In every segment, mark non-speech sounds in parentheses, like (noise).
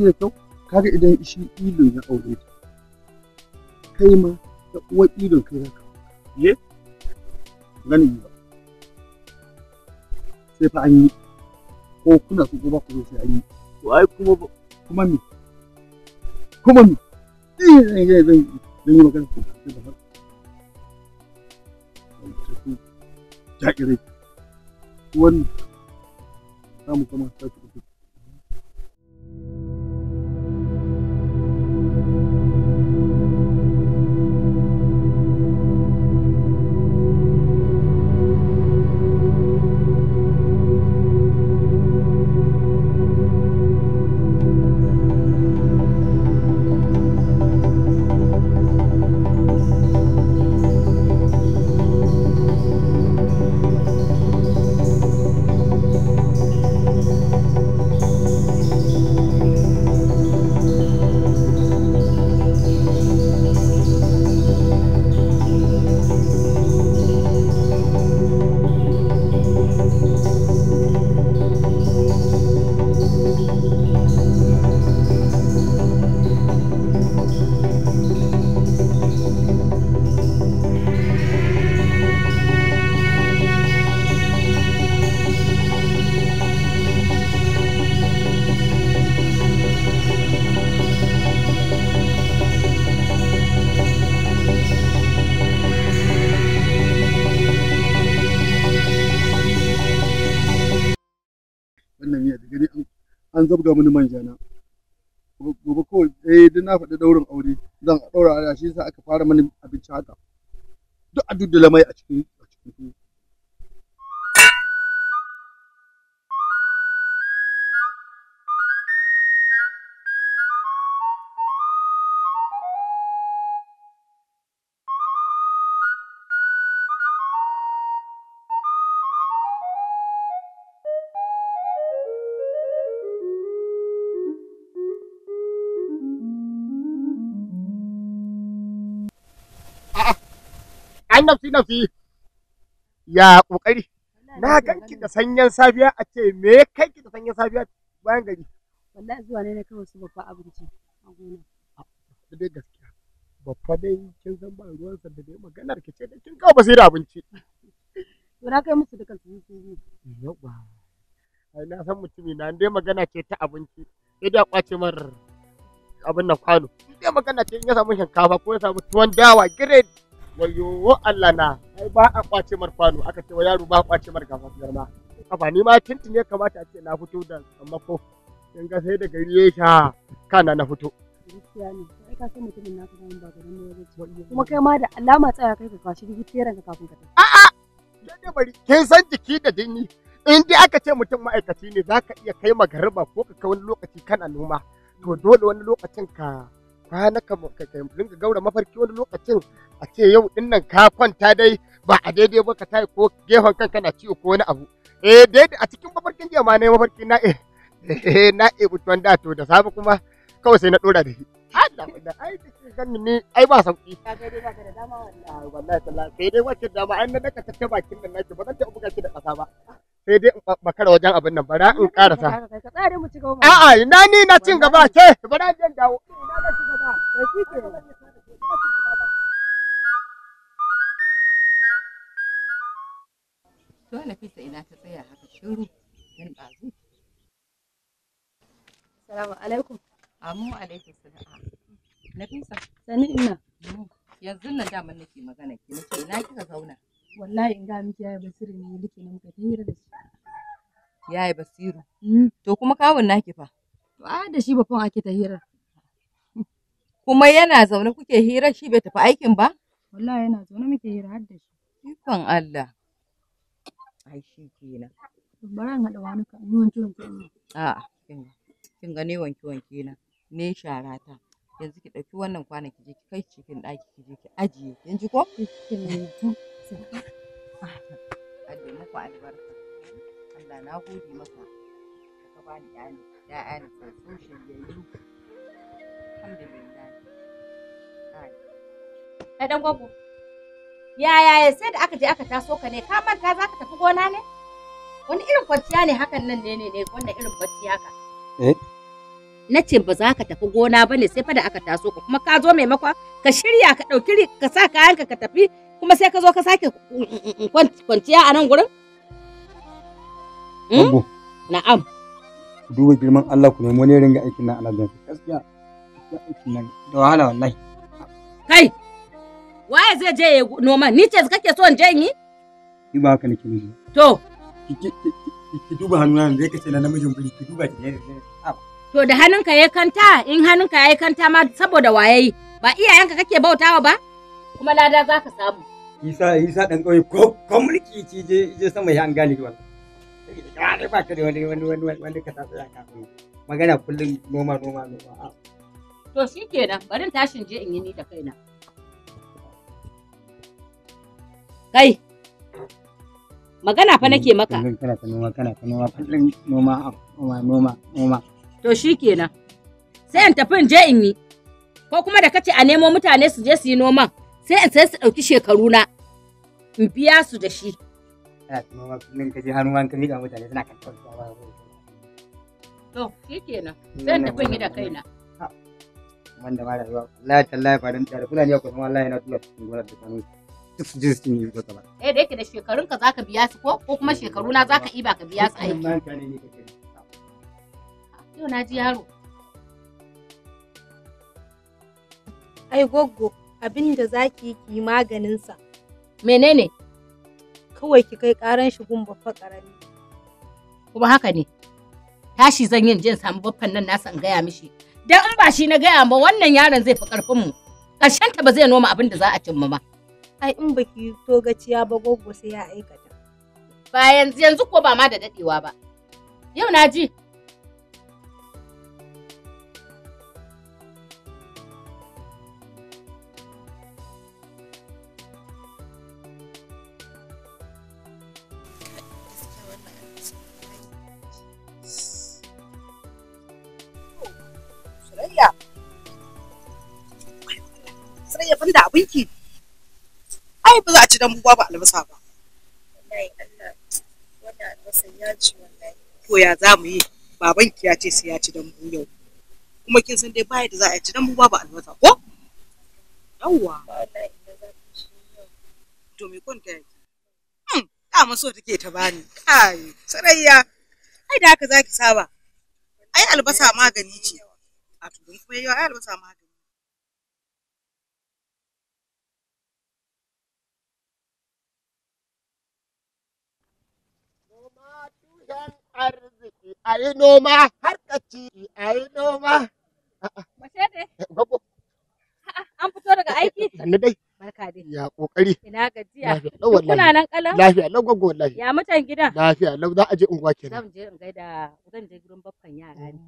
ji kyau kaga idan shi ilo ya aure ta kai ma ta uwar ilon kai zaka ye gani ba sai fa an yi ko kuna so ko ba ku sai an yi to ai kuma kuma me kuma me zan zan zan yi magana kuma sai da ba jakirai wannan za mu kama ta an zabga mini manja na gobe kawai eh duk na faɗi daurin aure zan daura a shi yasa aka fara mini abinci haka duk a duddula mai a cikin a cikin an na fi ya kokari na ganki da sanyin safiya a ce me kai ki da sanyin safiya bayan gari wallahi zuwa ne na kawai su babba abinci a gona da dai gaskiya babba dai kin san ba ruwan sa da dai maganar ki ce kin kawo basira abinci to na kai musu dukan su su yi yawa ai na san mutumi na dai magana ce ta abinci sai da kwace mar abin nan kwano dai magana ce in ya samu shinkafa ko ya samu tuwon dawa grade wayo Allah na ai ba a kwace mar kwano aka ce wa yaro ba a kwace mar gaba girma haba ni ma tintin ya kamata a ce na fito da sammako in ga sai da gari ya sha kana na fito gaskiya ne sai ka san mutumin naka da ba garin ne wajen kuma kai ma da alama tsaya kai ka kwashi gidan ka kafin ka tafi a'a dai bari kin san jiki da jini in dai aka ce mutum ma'aikaci ne za ka iya kai magarba ko ka kai wani lokaci kana noma to dole wani lokacin ka kwana ka ringa gaura mafarki wani lokacin a ce yau din nan ka kwanta dai ba a daidai ba ka tayi ko gefen kanka na ciwo ko wani abu eh daidai a cikin mafarkin jiya ma ne mafarkin na eh, eh na eh butuwan da to da safe kuma kawai sai na dora da shi Allah wanda (laughs) ai ganin ni ai ba sauki ka ga dai ba ka da dama wallahi ah, wallahi tallahi sai dai wacce dama an na daka bakin nan nake ba zan ta buga ki da kasa ba sai dai makara wajen abin nan bara in karasa. A'a ina ni na cin gaba ke? bara jan dawo. na cin gaba. Ita Nafisa ina ta tsaya haka shiru don ɗazu. assalamu alaikum. Amu alaikum salam. Nafisa. Sani ina. Yanzu nan da mun nake magana ki nake ina kika zauna. Wallahi in ga miki yayi basiru ne nake nan ka hira da shi. Yayi basiru. Mm. To kuma kawun naki fa. A da shi ba fa ake ta Kuma yana zaune kuke hirar shi bai tafi aikin ba? Wallahi yana zaune muke hira har da shi. Ikon Allah. ai shi kenan wani ka wanke wanke a'a kin kin ga ne wanke wanke na ne shara ta yanzu ki ɗauki wannan kwana ki je ki kai cikin ɗaki ki je ki ajiye kin ajiye muku albarka Allah na gode maka ka bani ƴaƴan alhamdulillah ai dan Yaya ya sai da aka je aka taso ka ne ka manta za ka tafi gona ne? Wani irin kwanciya ne hakan nan ne ne ne wannan irin kwanciya ka. Eh? Na ce ba za ka tafi gona ba ne sai fa da aka taso ka kuma ka zo maimakon ka shirya ka ɗauki ka sa kayanka ka tafi kuma sai ka zo ka sake kwanciya a nan gurin? Hmm? Na'am. Duba girman Allah ku nemi wani ringa aikin nan a nan gaskiya. Aikin nan da wahala wallahi. Kai! Waye zai je ya Ni ce kake so in je yi? Ni ba haka nake nufi. To. Ki duba hannuna yanzu kace na namijin buri ki duba ki ne To da hannunka yayi kanta in hannunka yayi kanta ma saboda waye ba iyayenka kake bautawa ba kuma lada za ka samu. Isa Isa dan kai ko komuniki mulki ci je je sama ya an gani wannan. Ka ba ka da wani wani wani wani ka ta tsaya ka. Magana kullum noma noma noma. To shikenan bari tashin je in yi ni da kaina. Kai, magana fa nake mm, maka. Kullum mm, kana ta noma, kana ta noma, kullum noma, noma, noma, noma. To shi kenan. Sai in tafi in je in yi. Ko kuma da kace a nemo mutane su je su yi noman, sai in sai su ɗauki shekaru na. In biya su da shi. Kana ta noma, kullum ka je hannu an mutane suna kan kawai. To shi kenan. Sai in tafi in yi da kaina. Wanda ma da zuwa, Allah ya tallafa don tare, kuna ne ku zama Allah na tura cikin gonar da kanu su je su Eh da yake da za ka biya su ko ko kuma shekaruna za ka yi ba ka biya su aiki. Yau na ji yaro. Ai goggo abin da yi maganin sa. Menene? Kawai ki kai karan shi gun karami. Kuma haka ne. Tashi zan yin jin samu baffan nan nasa in gaya mishi. Dan in ba shi na gaya ma wannan yaron zai fi karfin mu. Ƙarshen ta ba zai noma abin da za a cimma ba. ai in baki to gaciya ba goggo sai ya aikata ba yanzu yanzu ko ba ma da dadewa ba yau na ji Sai abinki. ai ba za a ci dambu babu albasa ba to ya za mu yi babanki ya ce sai ya ci dambu yau kuma kin san dai baya da za a ci dambu babu albasa ko yawwa to me ta yi? hmm dama so take ta bani kai sarayya ai da haka zaki saba ai albasa magani ce a tudun kuma yau ai albasa magani don arziki a yi noma har kaci a yi noma. Mace ne? Bago. Eh, an fito daga aiki? Sannu (laughs) dai. Barka dai. Ya kokari. Ina gajiya. Lafiya lau wallahi. Kuna nan kalan? Lafiya lau gwaggo lafiya. Ya mutan gidan? Lafiya lau za a je unguwa kenan. Zan je in gaida zan je gurin baffan yara ne.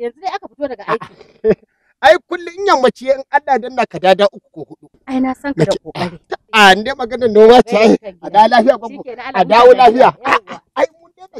Yanzu dai aka fito daga aiki. (laughs) ai kullum in yammaci in Allah danna ka dada uku ko hudu ai na san ka da kokari a ne maganar noma ce a da lafiya babu a dawo lafiya ai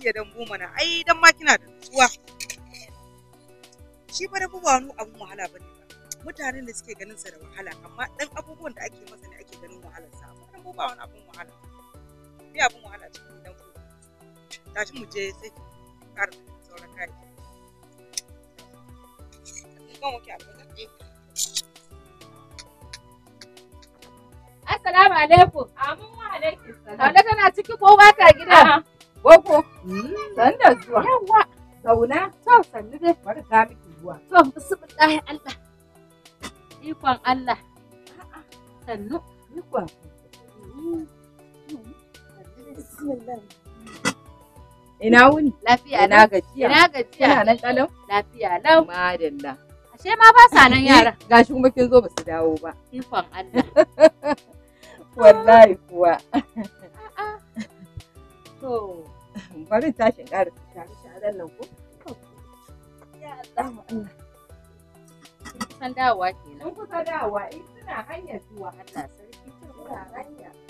iya goma na ai dan ma kina da tsuwa shi fa dambu ba wani abun wahala ba ne mutanen da suke ganin sa da wahala amma dan abubuwan da ake masa ne ake ganin wahalar sa amma dambu ba wani abun wahala bai abun wahala cikin dambu tashi mu je sai kar kai ki ƙara da ke eh. Assalamu alaikum. Amin wa alaikum salam. Wanda kana ciki ko ba ka gida? Boko. Sannan zuwa. Yawwa. Zauna. To sannu dai bari ka miki ruwa. To bismillahi Allah. Ikon Allah. Sannu. Ikon. Ina wuni? Lafiya lau. Ina gajiya. Ina gajiya. Ina nan ɗalau? Lafiya lau. Madalla. Ashe ma ba sa nan eh, yara. Gashi kuma kin zo ba su dawo ba. Ikon Allah. (laughs) Wallahi kuwa. To. bari tashin ƙara share sharen nan ko ya Allah mu Allah san dawowa kenan kun kusa dawowa eh suna hanyar zuwa Allah sarki suna hanya